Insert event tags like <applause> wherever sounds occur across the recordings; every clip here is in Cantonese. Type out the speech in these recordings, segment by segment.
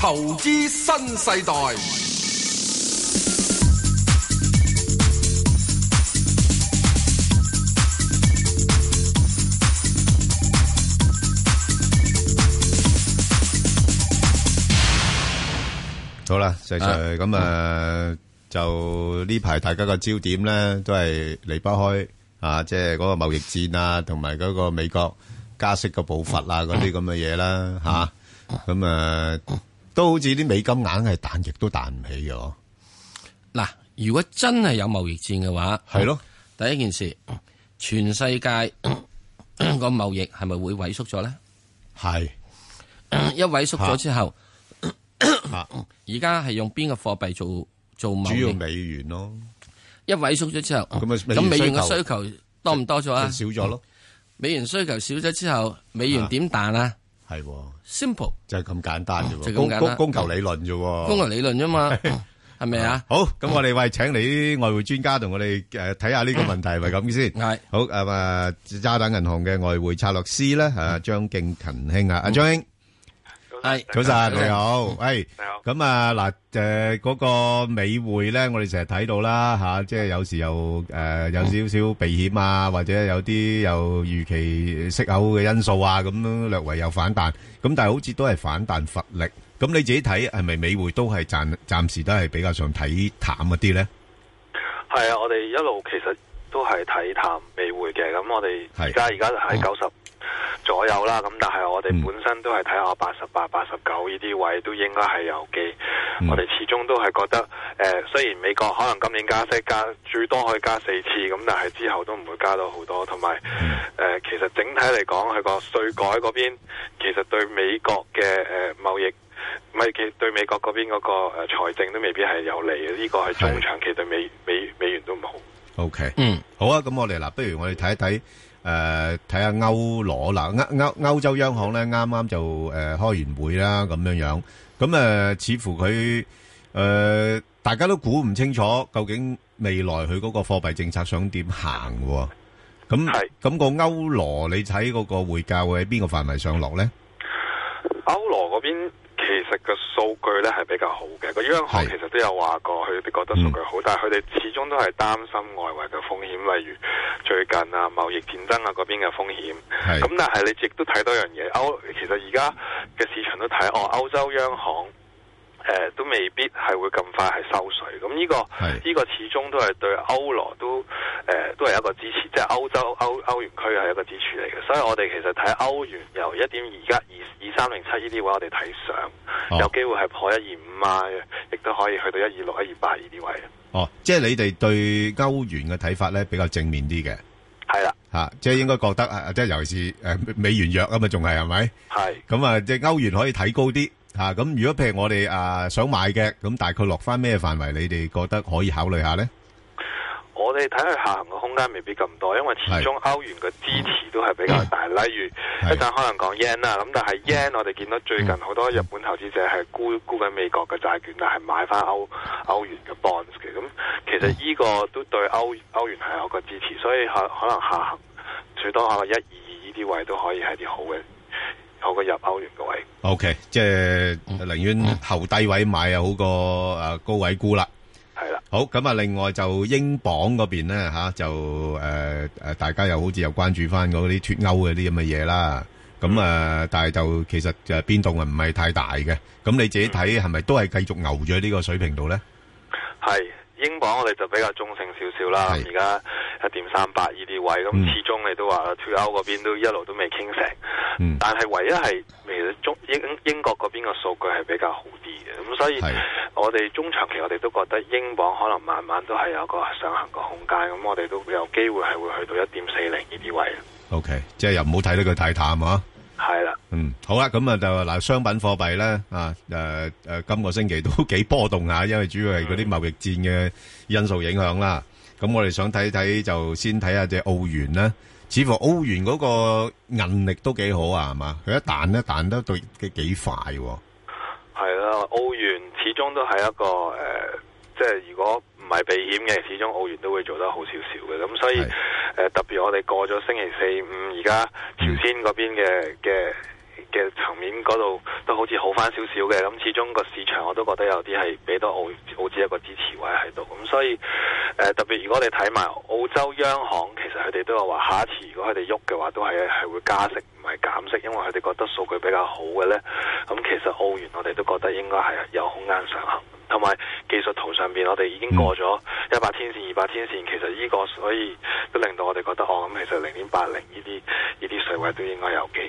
投資新世代。好啦，Sir Sir，咁啊，就呢排大家個焦點咧，都係離不開啊，即係嗰個貿易戰啊，同埋嗰個美國加息個步伐啊，嗰啲咁嘅嘢啦，吓，咁啊。都好似啲美金硬係彈亦都彈唔起嘅，嗱，如果真係有貿易戰嘅話，係咯的。第一件事，全世界個貿易係咪會萎縮咗咧？係是、嗯。一萎縮咗之後，而家係用邊個貨幣做做貿易？主要美元咯。一萎縮咗之後，咁、啊、美元嘅需求多唔多咗啊？少咗咯。美元需求少咗之後，美元點彈啊？啊係，simple 就係咁簡單啫，哦、單供供求理論啫，供求理論啫嘛，係咪 <laughs> 啊？好，咁我哋喂，請你啲外匯專家同我哋誒睇下呢個問題係咪咁先係好誒，嘛、呃、渣打銀行嘅外匯策略師咧吓張敬勤兄啊，阿張兄。嗯係早晨，你好。喂，你好。咁啊嗱，誒，嗰個美匯咧，我哋成日睇到啦，吓，即係有時又誒有少少避險啊，或者有啲又預期息口嘅因素啊，咁略為有反彈。咁但係好似都係反彈乏力。咁你自己睇係咪美匯都係暫暫時都係比較上睇淡嗰啲咧？係啊，我哋一路其實都係睇淡美匯嘅。咁我哋而家而家喺九十左右啦，咁但係我哋本身都係睇下八十八、八十九呢啲位都應該係有機。嗯、我哋始終都係覺得，誒、呃，雖然美國可能今年加息加最多可以加四次咁，但係之後都唔會加到好多。同埋，誒、呃，其實整體嚟講，佢個稅改嗰邊，其實對美國嘅誒貿易，唔、呃、係其對美國嗰邊嗰個誒財、呃、政都未必係有利嘅。呢、這個係中長期對美的美美，美元都唔好。O K，嗯，好啊，咁我哋嗱，不如我哋睇一睇誒，睇下歐羅啦，歐歐歐洲央行咧，啱啱就誒開完會啦，咁樣樣，咁誒，似乎佢誒，大家都估唔清楚究竟未來佢嗰個貨幣政策想點行嘅，咁咁個歐羅，你睇嗰個匯價會喺邊個範圍內上落咧？歐羅嗰邊。食嘅數據咧，係比較好嘅。個央行其實都有話過佢哋覺得數據好，嗯、但係佢哋始終都係擔心外圍嘅風險，例如最近啊貿易戰爭啊嗰邊嘅風險。咁係但係你亦都睇到一樣嘢，歐其實而家嘅市場都睇，哦，歐洲央行。誒，都未必係會咁快係收水，咁呢個呢個始終都係對歐羅都誒，都係一個支持，即係歐洲歐歐元區係一個支持嚟嘅。所以，我哋其實睇歐元由一點二一、二二三零七呢啲位，我哋睇上有機會係破一二五啊，亦都可以去到一二六、一二八呢啲位。哦，即係你哋對歐元嘅睇法咧比較正面啲嘅，係啦吓，即係應該覺得，即係尤其是誒美元弱啊嘛，仲係係咪？係咁啊，即係歐元可以睇高啲。啊，咁如果譬如我哋啊想買嘅，咁大概落翻咩範圍？你哋覺得可以考慮下呢？我哋睇佢下行嘅空間未必咁多，因為始終歐元嘅支持都係比較大。是例如一陣是可能講 yen 啦，咁但係 yen 是我哋見到最近好多日本投資者係沽沽緊美國嘅債券，但係買翻歐歐元嘅 bonds 嘅。咁其實呢個都對歐歐元係有個支持，所以可能下行最多可能一二二呢啲位都可以係啲好嘅。好個入歐元個位，OK，即係寧願后低位買啊，好過誒高位沽啦，係啦。好咁啊，另外就英鎊嗰邊咧吓，就誒誒，大家又好似又關注翻嗰啲脫歐嗰啲咁嘅嘢啦。咁啊，但係就其實誒變動啊唔係太大嘅。咁你自己睇係咪都係繼續牛住喺呢個水平度咧？係。英鎊我哋就比較中性少少啦，而家一點三八呢啲位，咁、嗯、始終你都話啦，脱歐嗰邊都一路都未傾成，嗯、但係唯一係未實英英國嗰邊嘅數據係比較好啲嘅，咁所以我哋中長期我哋都覺得英鎊可能慢慢都係有個上行嘅空間，咁我哋都有機會係會去到一點四零呢啲位。OK，即係又唔好睇得佢太淡啊。係啦，嗯，好啦，咁啊就嗱，商品貨幣咧啊，誒、呃、誒、呃呃，今個星期都幾波動吓、啊，因為主要係嗰啲貿易戰嘅因素影響啦、啊。咁、嗯、我哋想睇睇就先睇下隻澳元啦、啊。似乎澳元嗰個銀力都幾好啊，係嘛，佢一彈一彈都到幾幾快、啊。係啦，澳元始終都係一個誒、呃，即係如果。唔係避險嘅，始終澳元都會做得好少少嘅。咁所以的、呃，特別我哋過咗星期四、五，而家朝鮮嗰邊嘅嘅嘅層面嗰度都好似好返少少嘅。咁、嗯、始終個市場我都覺得有啲係俾到澳澳紙一個支持位喺度。咁所以、呃，特別如果你睇埋澳洲央行，其實佢哋都有話，下一次如果佢哋喐嘅話，都係係會加息，唔係減息，因為佢哋覺得數據比較好嘅呢。咁其實澳元我哋都覺得應該係有空間上行，同埋技術圖上邊，我哋已經過咗一百天線、二百、嗯、天線，其實呢個所以都令到我哋覺得，哦咁其實零點八零呢啲依啲水位都應該有機。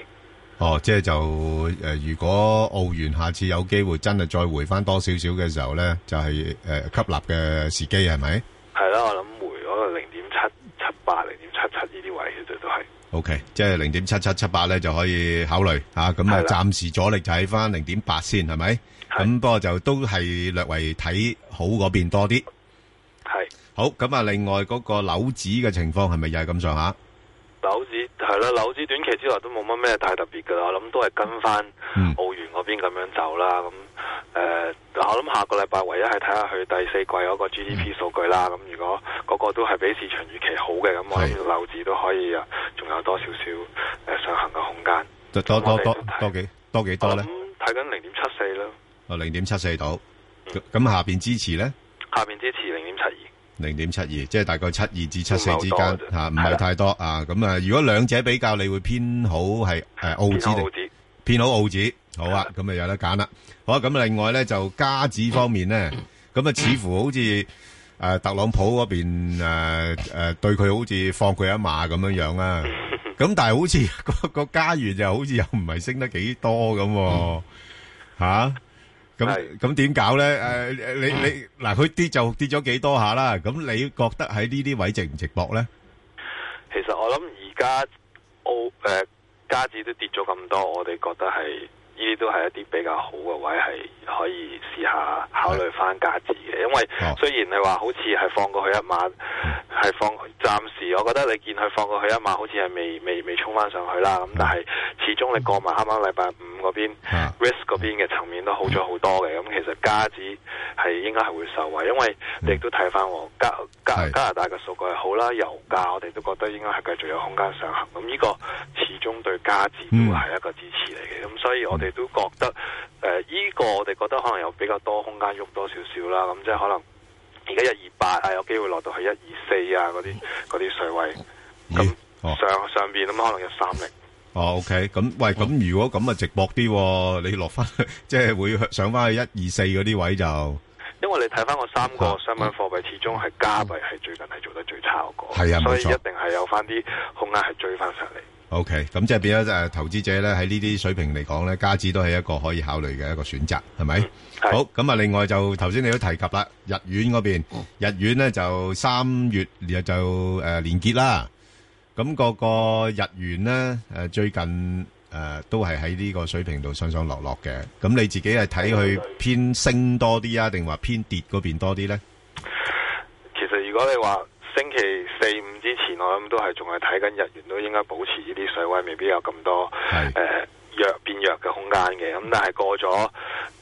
哦，即係就誒、呃，如果澳元下次有機會真係再回翻多少少嘅時候呢，就係、是、誒、呃、吸納嘅時機係咪？係啦，我諗回嗰個零點七七八、零點七七呢啲位其實都係。OK，即係零點七七七八呢就可以考慮吓，咁啊暫時阻力就喺翻零點八先係咪？咁不過就都係略為睇好嗰邊多啲。係是好咁啊！另外嗰個樓指嘅情況係咪又係咁上下？樓指係啦，樓指短期之內都冇乜咩太特別噶啦。我諗都係跟翻澳元嗰邊咁樣走啦。咁誒、嗯呃，我諗下個禮拜唯一係睇下佢第四季嗰個 GDP 數據啦。咁、嗯、如果個個都係比市場預期好嘅，咁我諗樓指都可以啊，仲有多少少誒、呃、上行嘅空間多？多多多幾多幾多，呢多，多，多幾多咧？睇緊零點七四啦。哦，零點七四度，咁下邊支持咧？下邊支持零點七二，零點七二，即係大概七二至七四之間吓，唔係太多啊。咁啊，如果兩者比較，你會偏好係誒澳紙定偏好澳紙？好啊，咁啊有得揀啦。好啊，咁另外咧就加紙方面咧，咁啊似乎好似誒特朗普嗰邊誒誒對佢好似放佢一馬咁樣樣啊。咁但係好似個個加元又好似又唔係升得幾多咁吓。咁咁點搞呢？誒、嗯啊，你你嗱，佢跌就跌咗幾多下啦。咁你覺得喺呢啲位值唔值搏呢？其實我諗而家歐誒，加紙都跌咗咁多，我哋覺得係呢啲都係一啲比較好嘅位，係可以試下考慮翻加紙嘅。因為雖然係話好似係放過去一晚，係放的的暫時，我覺得你見佢放過去一晚，好似係未未未，未衝翻上去啦。咁的的但係始終你過埋啱啱禮拜五。邊、啊、risk 嗰邊嘅層面都好咗好多嘅，咁、嗯、其實加子係應該係會受惠，因為你亦都睇翻加加是加拿大嘅數據係好啦，油價我哋都覺得應該係繼續有空間上行，咁呢個始終對加子都係一個支持嚟嘅，咁、嗯、所以我哋都覺得誒呢、呃這個我哋覺得可能有比較多空間喐多少少啦，咁即係可能而家一二八啊，有機會落到去一二四啊嗰啲嗰啲水位，咁、嗯嗯、上、哦、上邊咁、嗯、可能一三零。哦，OK，咁喂，咁如果咁啊，直播啲，你落翻去，即係會上翻去一二四嗰啲位就，因為你睇翻我三個商品貨幣，始終係加幣係最近係做得最差個，係啊，所以一定係有翻啲空間係追翻上嚟。OK，咁即係變咗誒投資者咧喺呢啲水平嚟講咧，加紙都係一個可以考慮嘅一個選擇，係咪？好，咁啊，另外就頭先你都提及啦，日元嗰邊，日元咧就三月又就誒連結啦。咁個個日元呢，誒最近誒、呃、都係喺呢個水平度上上落落嘅。咁你自己係睇佢偏升多啲啊，定話偏跌嗰邊多啲呢？其實如果你話星期四五之前，我諗都係仲係睇緊日元都應該保持呢啲水位，未必有咁多誒是、呃、弱變弱嘅空間嘅。咁但係過咗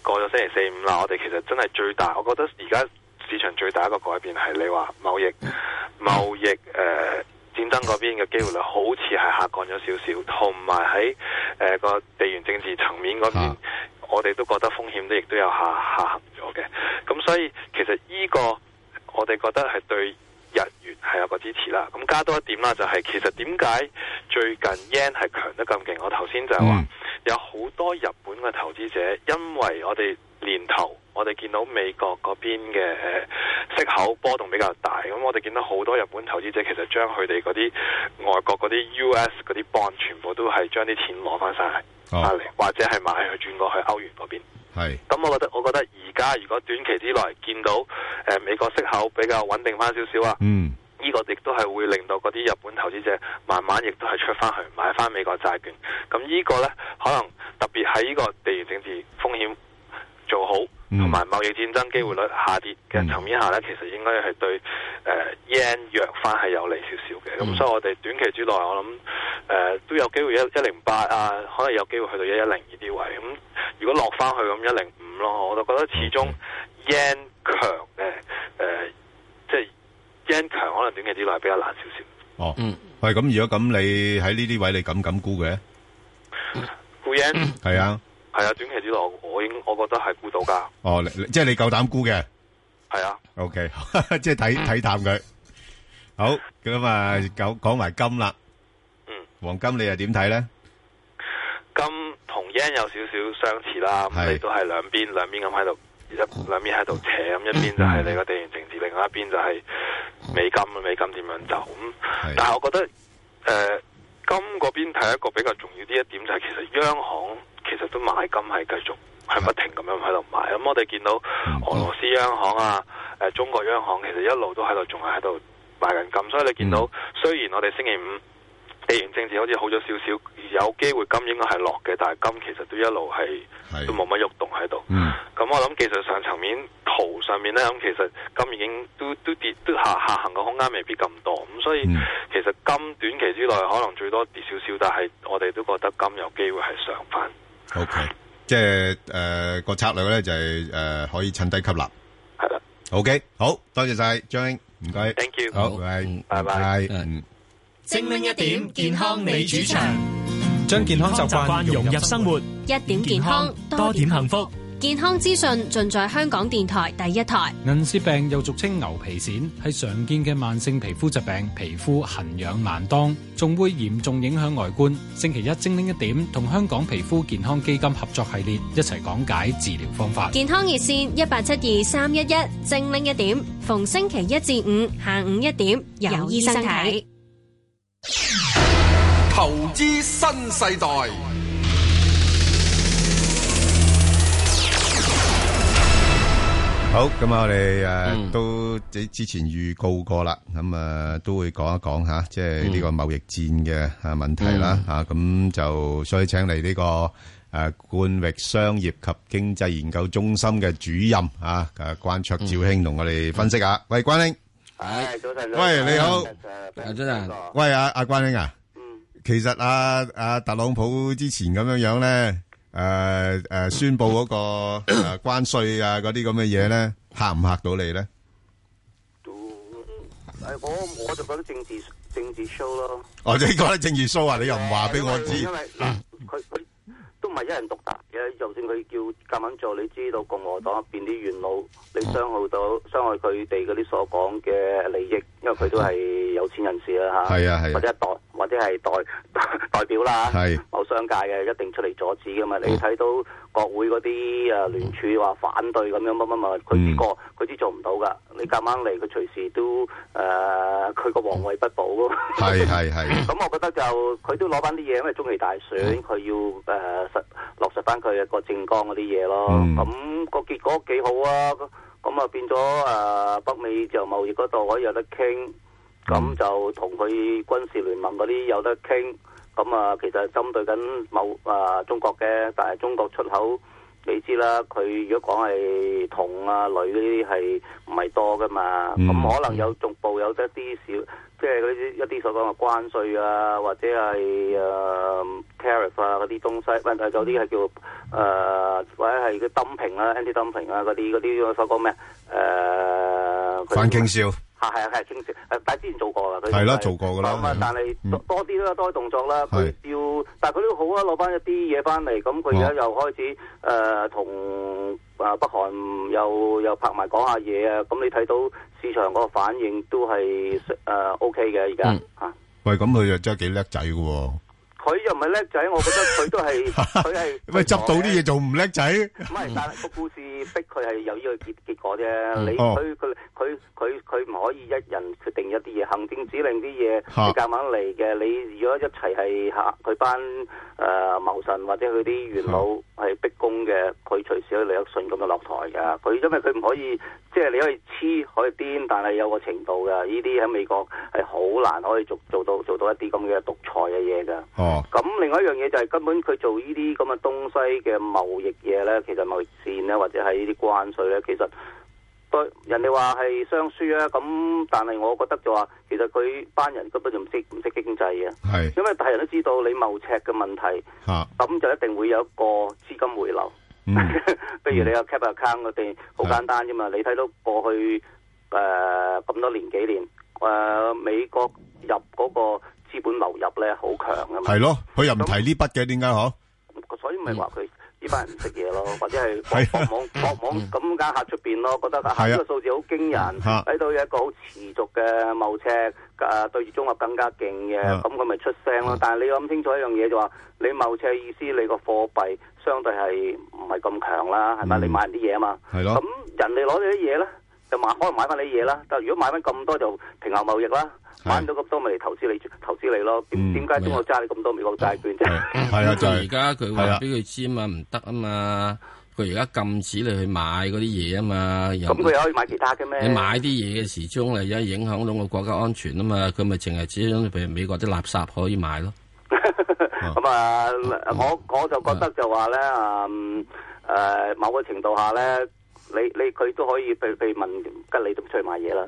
過咗星期四五啦，我哋其實真係最大，我覺得而家市場最大一個改變係你話貿易、嗯、貿易誒。呃嗰邊嘅機會率好似係下降咗少少，同埋喺誒個地緣政治層面嗰邊，啊、我哋都覺得風險都亦都有下下行咗嘅。咁所以其實呢個我哋覺得係對日元係有個支持啦。咁加多一點啦，就係、是、其實點解最近 yen 係強得咁勁？我頭先就係話、嗯、有好多日本嘅投資者，因為我哋，年頭，我哋見到美國嗰邊嘅息口波動比較大，咁我哋見到好多日本投資者其實將佢哋嗰啲外國嗰啲 U.S. 嗰啲 bond 全部都係將啲錢攞翻晒嚟，oh. 或者係買去轉過去歐元嗰邊。咁、oh.，我覺得我覺得而家如果短期之內見到誒、呃、美國息口比較穩定翻少少啊，呢、mm. 個亦都係會令到嗰啲日本投資者慢慢亦都係出翻去買翻美國債券。咁呢個呢，可能特別喺呢個地緣政治風險。又好，同埋貿易戰爭機會率下跌嘅層、嗯、面下呢，其實應該係對誒 yen、呃、弱翻係有利少少嘅。咁、嗯、所以我哋短期之內，我諗誒、呃、都有機會一一零八啊，可能有機會去到一一零二啲位。咁、嗯、如果落翻去咁一零五咯，我就覺得始終、嗯、yen、okay. 強誒誒、呃呃，即係 yen 強可能短期之內比較難少少。哦，嗯，喂，咁如果咁，你喺呢啲位你敢敢估嘅？估 yen？係啊。係啊，短期之內我我應我覺得係估到噶。哦，即係你夠膽估嘅。係啊的。OK， <laughs> 即係睇睇淡佢。好，咁啊，講講埋金啦。嗯。黃金你又點睇咧？金同 yen 有少少相似啦，咁你都係兩邊兩邊咁喺度一兩邊喺度扯，咁一邊就係你個地緣政治，另外一邊就係美金啊，美金點樣走咁。的但係我覺得誒、呃，金嗰邊睇一個比較重要啲一點就係其實央行。其實都買金係繼續係不停咁樣喺度買，咁我哋見到俄羅斯央行啊、誒、呃、中國央行，其實一路都喺度仲係喺度買緊金。所以你見到、嗯、雖然我哋星期五地緣政治好似好咗少少，而有機會金應該係落嘅，但係金其實都一路係是都冇乜喐動喺度。咁我諗技術上層面圖上面呢，咁其實金已經都都跌都下下，下行嘅空間未必咁多。咁、嗯、所以、嗯嗯、其實金短期之內可能最多跌少少，但係我哋都覺得金有機會係上翻。OK，即係誒個策略咧就係誒可以趁低吸納，係啦。OK，好多謝晒張英，唔該，Thank you，好，拜拜。精靈一點，健康你主場，將健康習慣融入生活，一點健康多點幸福。健康資訊盡在香港電台第一台。銀屑病又俗稱牛皮癬，係常見嘅慢性皮膚疾病，皮膚痕癢難當，仲會嚴重影響外觀。星期一精靈一點，同香港皮膚健康基金合作系列一齊講解治療方法。健康熱線一八七二三一一，11，精靈一點，逢星期一至五下午一點有醫生睇。投資新世代，好，咁啊，我哋誒都喺之前預告過啦，咁啊都會講一講嚇，即係呢個貿易戰嘅啊問題啦，啊咁就所以請嚟呢個誒冠域商業及經濟研究中心嘅主任啊，誒關焯照兄同我哋分析下。喂，關兄，係，早晨早晨。餵你好，阿張生，喂阿阿關兄啊，嗯，其實阿阿特朗普之前咁樣樣咧。誒誒，宣佈嗰個關稅啊，嗰啲咁嘅嘢咧，嚇唔嚇到你咧？誒，我我就覺得政治政治 show 咯。哦，你覺得政治 show 啊？你又唔話俾我知？因為，嗯，佢佢。唔係一人獨特，嘅，就算佢叫夾硬做，你知道共和黨入邊啲元老，你傷害到、嗯、傷害佢哋嗰啲所講嘅利益，因為佢都係有錢人士啦嚇，啊、或者一、啊啊、或者係代代表啦，某商、啊、界嘅一定出嚟阻止嘅嘛。嗯、你睇到國會嗰啲誒聯署話反對咁樣乜乜乜，佢呢個佢啲做唔到噶。你夾硬嚟，佢隨時都誒。呃佢個皇位不保咯、 <laughs> <laughs> 嗯，係係係。咁我覺得就佢都攞翻啲嘢，因為中期大選佢要誒實落實翻佢個政綱嗰啲嘢咯。咁個結果幾好啊！咁啊變咗誒北美就貿易嗰度可以有得傾，咁就同佢軍事聯盟嗰啲有得傾。咁啊其實係針對緊某啊中國嘅，但係中國出口。你知啦，佢如果講係銅啊、鋁嗰啲係唔係多㗎嘛？咁 <noise> 可能有逐步有一啲少，即係啲一啲所講嘅關稅啊，或者係誒、uh, tariff 啊嗰啲東西，唔係有啲係叫誒、uh, 或者係啲 dumping 啊、anti dumping 啊嗰啲嗰啲所講咩誒？反、uh, 傾銷。係啊係，清楚、啊。誒、啊啊，但係之前做過啦，佢係。係啦、啊，做過噶啦。咁是啊，但係是多啲啦，多啲動作啦。佢、嗯、要，但係佢都好啊，攞翻一啲嘢翻嚟。咁佢而家又開始誒同啊、呃、啊北韓又又拍埋講下嘢啊。咁你睇到市場嗰個反應都係誒、呃、OK 嘅。而家嚇。嗯啊、喂，咁佢又真係幾叻仔嘅喎！佢又唔係叻仔，我覺得佢都係，佢係。 <laughs> 喂，執到啲嘢做唔叻仔。唔係，但係個故事逼佢係有呢個結結果啫。嗯、你佢佢佢佢佢唔可以一人決定一啲嘢，行政指令啲嘢哈你夾硬嚟嘅。你如果一齊係嚇佢班誒、呃、謀臣或者佢啲元老係逼宮嘅，佢哈隨時可以順咁就落台嘅。佢因為佢唔可以，即係、即係、你可以黐可以癲，但係有個程度㗎。呢啲喺美國係好難可以做做到做到一啲咁嘅獨裁嘅嘢㗎。嗯咁、哦、另外一樣嘢就係根本佢做呢啲咁嘅東西嘅貿易嘢呢，其實貿易線呢，或者係呢啲關稅呢，其實對人哋話係雙輸啊。咁但係我覺得就話其實佢班人根本就唔識唔識經濟嘅，是因為大人都知道你貿赤嘅問題，咁哈就一定會有一個資金回流。譬、嗯、 <laughs> 如你有 capital account 嗰啲，好、嗯、簡單啫嘛。是你睇到過去誒咁、呃、多年幾年誒、呃、美國入嗰、那個。資本流入咧好強噶嘛？係咯，佢又唔提呢筆嘅，點解嗬？所以咪話佢呢班人唔識嘢咯，或者係放網放網咁解客出邊咯，覺得啊呢個數字好驚人，睇到有一個好持續嘅貿赤，誒對住中國更加勁嘅，咁佢咪出聲咯。但係你要諗清楚一樣嘢就話，你貿赤嘅意思，你個貨幣相對係唔係咁強啦？係咪？你買人啲嘢啊嘛？係咯。咁人哋攞你啲嘢咧。可能買翻你嘢啦，但如果買翻咁多就平衡貿易啦，買唔到咁多咪嚟投資你投資你咯。點點解中國揸你咁多美國債券啫？係啊，就而家佢話俾佢知啊嘛，唔得啊嘛。佢而家禁止你去買嗰啲嘢啊嘛。咁佢可以買其他嘅咩？你買啲嘢嘅時鐘啊，而家影響到個國家安全啊嘛。佢咪淨係只允許譬如美國啲垃圾可以買咯。咁啊，我我就覺得就話咧啊，誒，某個程度下咧。你你佢都可以被譬如問跟你出去買嘢啦，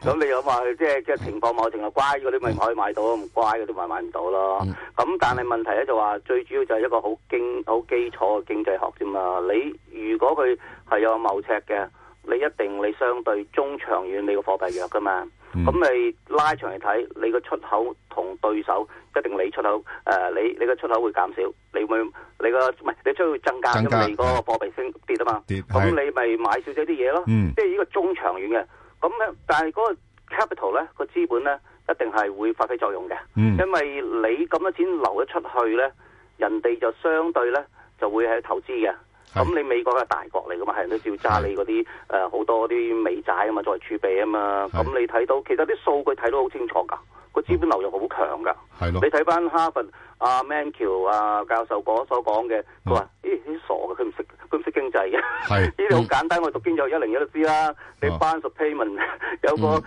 咁 <laughs> 你有話即係即係情況某程度乖嗰啲咪可以買到，唔乖嗰啲咪買唔到咯。咁、嗯、但係問題咧就話、是、最主要就係一個好經好基礎嘅經濟學啫嘛。你如果佢係有貿赤嘅，你一定你相對中長遠你個貨幣弱噶嘛。咁咪、嗯、拉長嚟睇，你個出口同對手一定你出口，誒、呃，你你個出口會減少，你會你個唔係你需要增加咁嚟嗰個貨幣升跌啊嘛，咁跌你咪買少少啲嘢咯，即係呢個中長遠嘅。咁呢，但係嗰個 capital 呢，個資本呢，一定係會發揮作用嘅，嗯、因為你咁多錢流咗出去呢，人哋就相對呢，就會係投資嘅。咁是你美國係大國嚟噶嘛，係人都照揸是的 你嗰啲誒好多啲美債啊嘛，作為儲備啊嘛。咁是的 你睇到其實啲數據睇到好清楚噶，個資本流入好強噶。係咯。你睇翻哈佛阿 Man k 橋阿教授講所講嘅，佢話：咦、嗯欸，你傻嘅，佢唔識，佢唔識經濟嘅。係。呢啲好簡單，嗯、我讀經濟一零一都知啦。嗯、你班 a payment 有個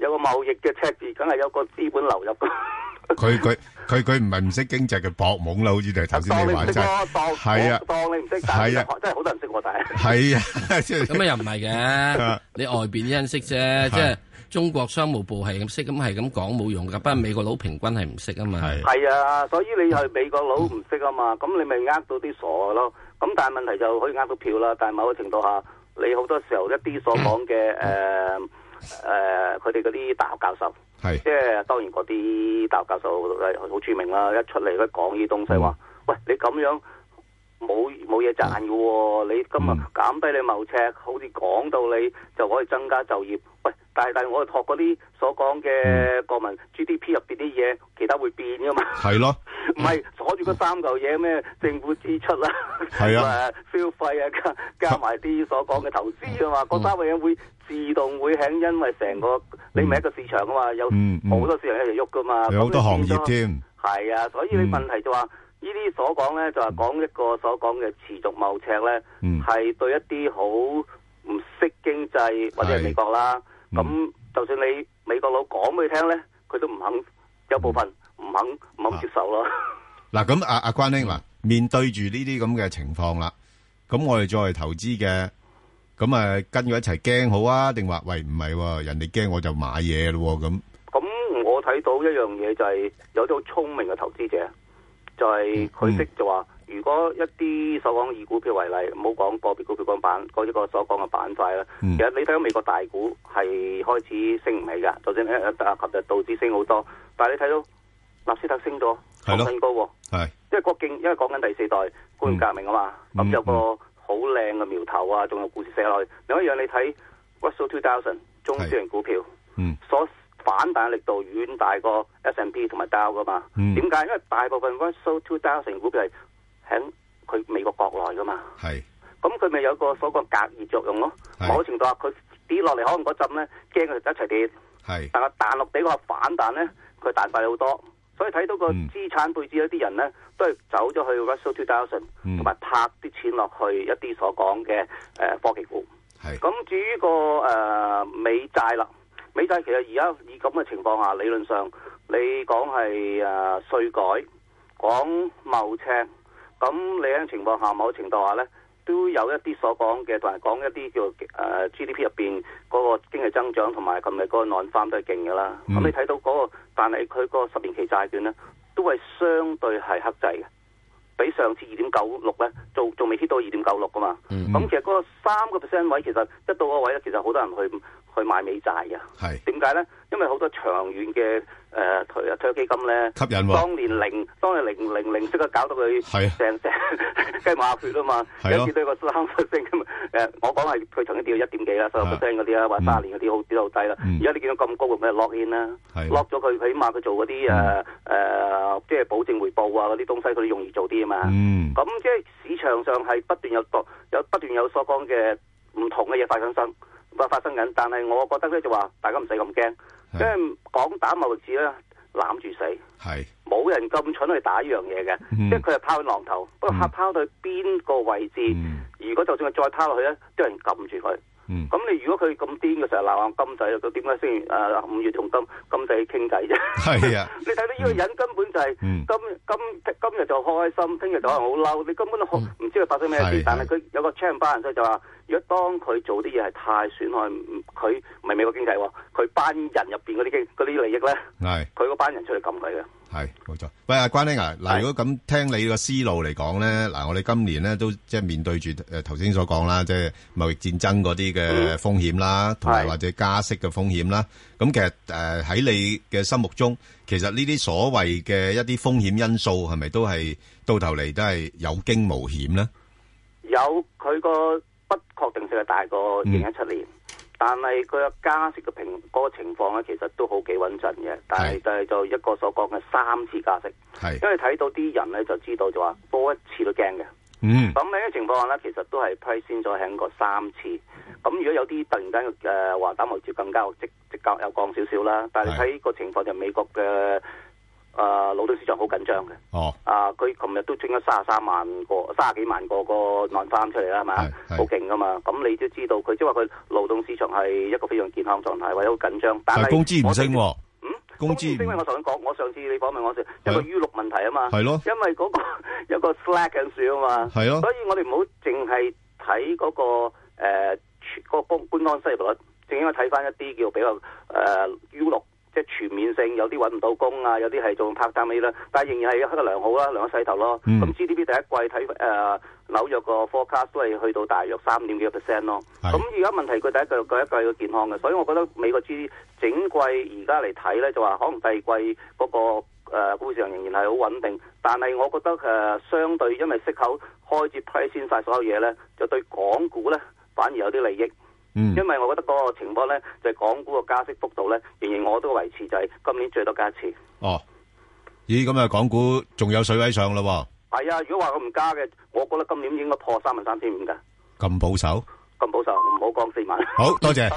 有個貿易嘅赤字，梗係有個資本流入㗎。 <laughs> 佢佢佢佢唔係唔識經濟嘅博懵啦，好似就頭先你話齋。係啊，係啊，真係好多人識我，但係啊，即係咁啊，又唔係嘅。你外邊啲人識啫，即係中國商務部係咁識，咁係咁講冇用㗎。不過美國佬平均係唔識啊嘛。係啊，所以你係美國佬唔識啊嘛。咁你咪呃到啲傻咯。咁但係問題就可以呃到票啦。但係某個程度下，你好多時候一啲所講嘅誒。誒，佢哋嗰啲大學教授，係是即係當然嗰啲大學教授好著、欸、名啦。一出嚟咧講呢啲東西話、嗯，喂，你咁樣冇冇嘢賺嘅？你今日減低你貿赤，好似講到你就可以增加就業。喂，但係但係我哋學嗰啲所講嘅國民、嗯、GDP 入邊啲嘢，其他會變噶嘛？係咯的，唔係鎖住嗰三嚿嘢咩？嗯、政府支出啦、啊，係的啊，消費啊，加加埋啲所講嘅投資啊嘛，嗰、啊、三樣會。 <laughs> 自動會響，因為成個你唔係一個市場噶嘛，有好多市場喺度喐噶嘛，有好、mm, mm, 多行業添。係多啊，所以你問題就話、是 mm. 呢啲所講咧，就係講一個所講嘅持續貿赤咧，係、mm. 對一啲好唔識經濟或者係美國啦。咁是就算你美國佬講俾你聽咧，佢都唔肯，有部分唔肯唔肯接受咯、啊。嗱，咁阿阿關兄話、啊、面對住呢啲咁嘅情況啦，咁我哋再投資嘅。咁啊，跟住一齊驚好啊？定話喂，唔係喎，人哋驚我就買嘢咯咁。咁我睇到一樣嘢就係有啲好聰明嘅投資者，就係佢識就話，如果一啲所講以股票為例，唔好講個別股票，講板講一個所講嘅板塊啦。其實你睇到美國大股係開始升唔起噶，就算一啊，琴日道指升好多，但係你睇到納斯達克升咗，創新高喎，係因為郭敬，因為講緊第四代工業革命啊嘛，咁有個。好靚嘅苗頭啊，仲有故事寫落去。另一樣你睇 Russell Two Thousand 中小型股票，嗯、所反彈力度遠大過 S&P 同埋 Dow 嘛？點解、嗯？因為大部分 Russell Two Thousand 股票係喺佢美國國內噶嘛。係是，咁佢咪有個所謂隔熱作用咯？是某程度啊，佢跌落嚟可能嗰陣咧驚佢一齊跌，係是，但係彈落嚟個反彈咧，佢彈快好多。所以睇到個資產配置一啲人咧，都係走咗去 Russell 2000，同埋拍啲錢落去一啲所講嘅誒科技股。咁是至於個誒、呃、美債啦，美債其實而家以咁嘅情況下，理論上你講係誒稅改，講貿戰，咁你喺情況下某程度下咧？都有一啲所講嘅，同埋講一啲叫誒、呃、GDP 入邊嗰個經濟增長，同埋近嚟嗰個 non-farm 都係勁㗎啦。咁你睇到嗰、那個，但係佢嗰個十年期債券咧，都係相對係克制嘅，比上次二點九六咧，都仲未貼到二點九六噶嘛。咁、嗯、其實嗰個三個 percent 位，其實一到個位咧，其實好多人去。去買美債嘅，點解咧？因為好多長遠嘅誒退退休基金咧，吸引喎、啊。當年零，當年零零零息 <laughs> 啊，搞到佢成成雞麻血啊嘛。有時對個三 percent 咁誒，我講係佢曾經跌到一點幾啦，所有 percent 嗰啲啦，啊、或者卅年嗰啲好跌到好低啦。而家你見到咁高嘅咩 lock in 啦 lock 咗佢，起碼佢做嗰啲誒誒，即係保證回報啊嗰啲東西，佢都容易做啲啊嘛。咁、嗯、即係市場上係不斷有有不斷有所講嘅唔同嘅嘢發生。話發生緊，但係我覺得咧就話大家唔使咁驚，是因為講打貿易戰咧攬住死，係冇是人咁蠢去打一樣嘢嘅，即係佢係拋榔頭，不過拋到去邊個位置？嗯、如果就算佢再拋落去咧，都有人撳住佢。嗯，咁你如果佢咁癲嘅時候鬧下金仔，佢點解先？誒、呃，五月同金金仔傾偈啫。係啊的， <laughs> 你睇到呢個人根本就係今、嗯、今今，今，今，今日就開心，聽日就可能好嬲。你根本都唔知佢發生咩事，嗯、但係佢有個 chain 班人，所以就話如果當佢做啲嘢係太損害，佢唔係美國經濟，佢班人入邊嗰啲經啲利益咧，係佢嗰班人出嚟撳佢嘅。係冇錯，喂阿關兄啊，嗱如果咁聽你個思路嚟講咧，嗱我哋今年咧都即係面對住誒頭先所講啦，即係貿易戰爭嗰啲嘅風險啦，同埋或者加息嘅風險啦。咁其實誒喺你嘅心目中，其實呢啲所謂嘅一啲風險因素，係咪都係到頭嚟都係有驚無險咧？有，佢個不確定性係大過二零一七年。但係佢個加息嘅平個情況咧，其實都好幾穩陣嘅。但係但係就是一個所講嘅三次加息，係是因為睇到啲人咧就知道就話多一次都驚嘅、嗯嗯。嗯，咁呢個情況咧，其實都係推先咗喺個三次。咁如果有啲突然間誒話，打貿易戰更加有直直覺又降少少啦。但係睇個情況就是美國嘅。誒勞、呃、動市場好緊張嘅，哦、啊佢琴日都出咗三十三萬個、三十幾萬個個案翻出嚟啦，係嘛？好勁㗎嘛！咁你都知道佢即係話佢勞動市場係一個非常健康狀態，或者好緊張，但係工資唔升喎。資嗯，工資唔升，因為我頭先講，我上次你講問我時，一個 U 六問題啊嘛。係咯、啊。因為嗰個有個 slack 嘅事啊嘛。係咯、啊。所以我哋唔好淨係睇嗰個誒全國公官方失業率，淨應該睇翻一啲叫比較誒 U 六。呃呃呃呃有啲揾唔到工啊，有啲係做 part time 啦，但係仍然係一個良好啦、啊，良好勢頭咯。咁、嗯、GDP 第一季睇誒、呃、紐約個 forecast 都係去到大約三點幾個 percent 咯。咁而家問題，佢第一季第一季嘅健康嘅，所以我覺得美國 GDP 整季而家嚟睇咧，就話可能第二季嗰、那個誒、呃、股市場仍然係好穩定，但係我覺得誒、呃、相對因為息口開始 price 先曬所有嘢咧，就對港股咧反而有啲利益。嗯、因為我覺得嗰個情況咧，就係、港股個加息幅度咧，仍然我都維持就係今年最多加一次。哦，咦，咁啊，港股仲有水位上咯？係啊，如果話佢唔加嘅，我覺得今年應該破三萬三千五嘅。咁保守？咁保守，唔好講四萬。好多謝。